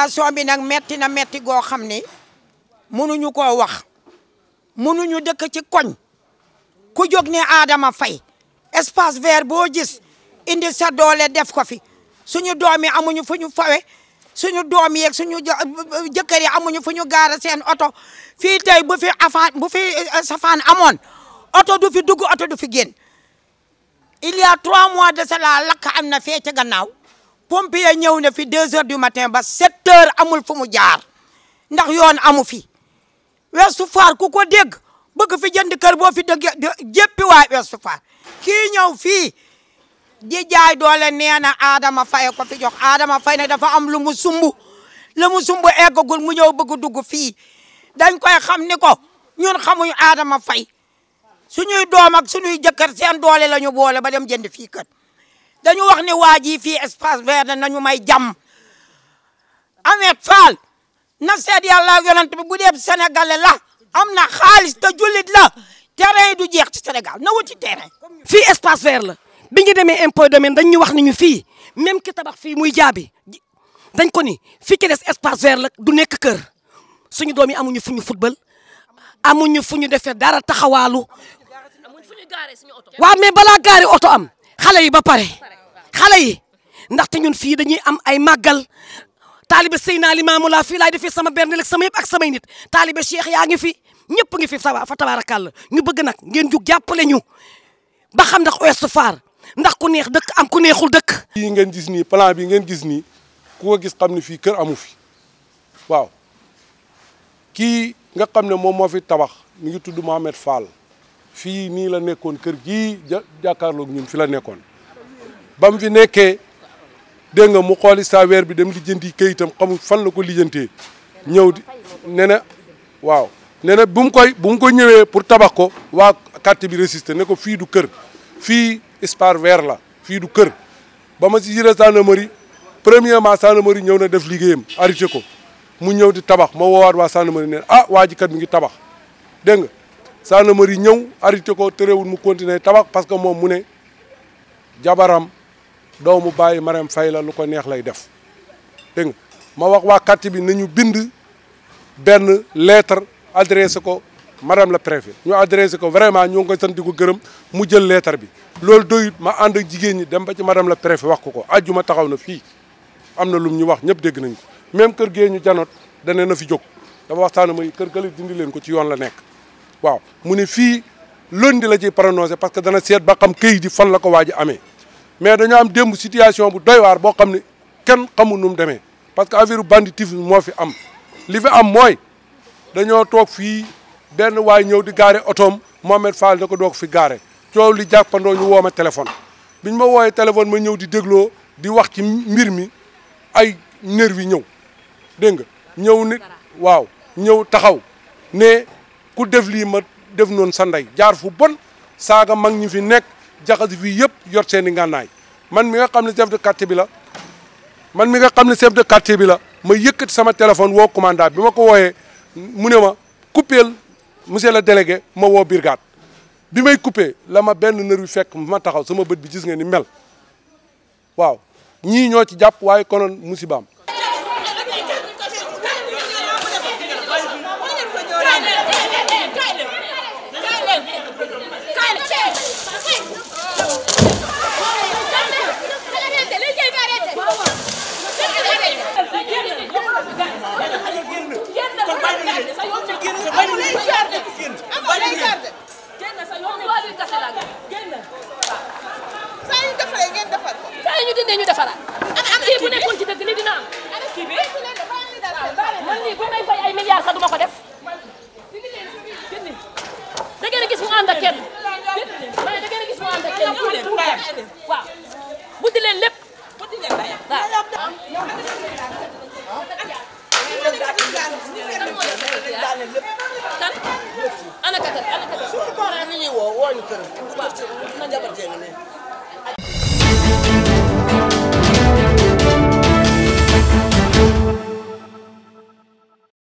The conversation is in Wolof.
situation bi nag metti na metti goo xam ne mënuñu ko wax mënuñu dëkk ci koñ ku jóg ne Adama fay espace vert boo gis indi sa doole def ko fi suñu doom yi amuñu fu ñu fawe suñu doom yeeg suñu jëkkër yi amuñu fu ñu gaara seen oto fii tey bu fi afaan bu fi eh, safaan amoon oto du fi dugg oto du fi génn il y trois mois de cela lakk am na fee ca gannaaw pompier ñëw na fi deux heures du matin ba sept heures amul fu mu jaar ndax yoon amu fi Ouest Foire ku ko dégg bëgg fi jënd kër boo fi dëgg jéppi waa Ouest Foire kii ñëw fii di jaay doole nee na Adama fay ko fi jox Adama fay ne dafa am lu mu sumb lu mu sumb eggagul mu ñëw bëgg dugg fii dañ koy xam ni ko ñun xamuñu Adama fay suñuy doom ak suñuy jëkkër seen doole la ñu boole ba dem jënd fii kër dañu wax ne waa ji fii espace vert nañu may jàmm Ahmed Fall na seet yàlla yonent bi bu dee senegale la am na xaalis te jullit la terrain yi du jeex ci Sénégal na wuti terrain. fii espace vert la bi deme demee impôt domaine dañ ñu wax ni ñu fii même ki tabax fii muy jaabi dañ ko ni fii ci des espace vert la du nekk kër suñu doom yi amuñu fu ñu football amuñu fu ñu defee dara taxawaalu. waaw mais balaa gaari oto am. xale yi ba pare xale yi ndaxte ñun fii dañuy am ay màggal taalibe Seydina Limaamu Laay fii laay defee sama berneel ak sama yëpp ak samay nit taalibe Cheikh yaa ngi fi ñëpp ngi fi fa tabaarakàlla ngi bëgg nag ngeen jug jàppale ñu ba xam ndax Ouest Foire ndax ku neex dëkk am ku neexul dëkk. yi ngeen gis nii plan bi ngeen gis nii ku ko gis xam ne fii kër amu fi waaw kii nga xam ne moom moo fi tabax mi ngi tudd Mohamed Fall. fii nii la nekkoon kër gii jàkkaarloog ñun fi la nekkoon ba mu fi nekkee dégg nga mu xooli saa weer bi dem lijjanti këyitam xamul fan la ko lijjantee ñëw di ne na waaw ne bum koy bum ko ñëwee pour tabax ko waa quartier bi résister ne ko fii du kër fii espace vert la fii du kër ba ma si jëlee gendarmerie premièrement gendarmerie ñëw na def liggéeyam arrêté ko mu ñëw di tabax ma woowaat waa gendarmerie ne ah waa ji kat mi ngi tabax dégg nga gendarmerie ñëw arrêté ko terewul mu continuer tabax parce que moom mu ne jabaram doomu bàyyi Marème fay la lu ko neex lay def dégg ma wax waa quartier bi nañu bind benn lettre adressé ko madame la préfet ñu adressé ko vraiment ñoo ngi koy sant di ko gërëm mu jël lettre bi loolu doyut ma ànd jigéen ñi dem ba ci madame la préfet wax ko ko ma taxaw na fii am na lum ñu wax ñëpp dégg nañ ko même kër gee ñu janoot dane na fi jóg dafa waxtaan mooy kër galit dindi leen ko ci yoon la nekk waaw mu ne fii di la ciy prononcé parce que dana seet ba xam këyit yi fan la ko waaj a amee mais dañoo am démb situation bu doy waar boo xam ne kenn xamul nu mu demee parce que affaire banditisme moo fi am li fi am mooy dañoo toog fii benn waay ñëw di gaare otoom Mohamed Fall da ko doog fi gaare coow li jàppandoo ñu woo ma téléphone biñ ma woowee téléphone ma ñëw di dégloo di wax ci mbir mi ay nervi yi ñëw dégg nga ñëw ni waaw ñëw taxaw ne ku def lii ma def noonu sa ndey jaar fu bon saaga mag ñi fi nekk jaxas fi yëpp yor seen i ngànnaay man mi nga xam ne chef de bi la man mi nga xam ne chef de quartier bi la ma yëkkati sama téléphone woo commandant bi ma ko wooyee mu ne ma coupeel monsieur le délégué ma woo brigade bi may coupé la ma benn nër wi fekk ma taxaw sama bët bi gis nga ni mel waaw ñii ñoo ci jàpp waaye konoon musibaam ñu dindee ñu defaraat. ana am kii bu nekkoon ci dëgg li dina am. ana kii bi man lii bu may fay ay milliards sax du ma ko def. da ngeen a gis mu ànd ak kenn. ma ne da ngeen a gis mu ànd ak kenn waaw. buddi leen lépp. waaw. ana katal ana katal. suñu ko ni ñuy woo woo ñu kër. waaw na jabar jee ne